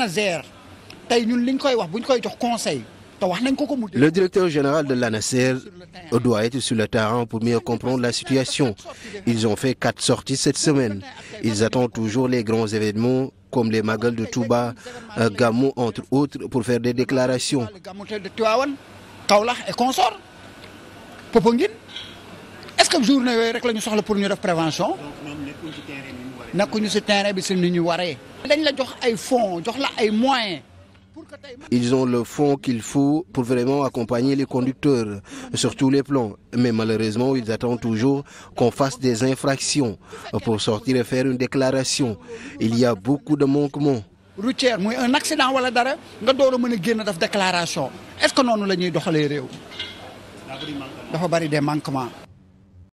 na ZER tey ñun liñ koy wax buñ koy jox conseil te wax nañ ko ko mu. le directeur général de l'ANASER doit être sur le terrain pour mieux comprendre la situation ils ont fait quatre sorties cette semaine ils attendent toujours les grands événements comme les magal de Touba euh, Gamou entre autres pour faire des déclarations. Kaolack et consorts Popenguine est-ce que journée yooyu rek la pour ñu def prévention. nekkuñu ci terrain bi ci ni ñu waree. dañ la jox ay fon jox la ay moyens. Ils ont le fon qu'il faut pour vraiment accompagner les conducteurs sur tous les plans. Mais malheureusement, ils attendent toujours qu'on fasse des infractions pour sortir et faire une déclaration. Il y a beaucoup de manquements. routière muy un accident wala dara nga door a mën a génn def déclaration est-ce que noonu la ñuy doxalee réew. dafa bari des manquements.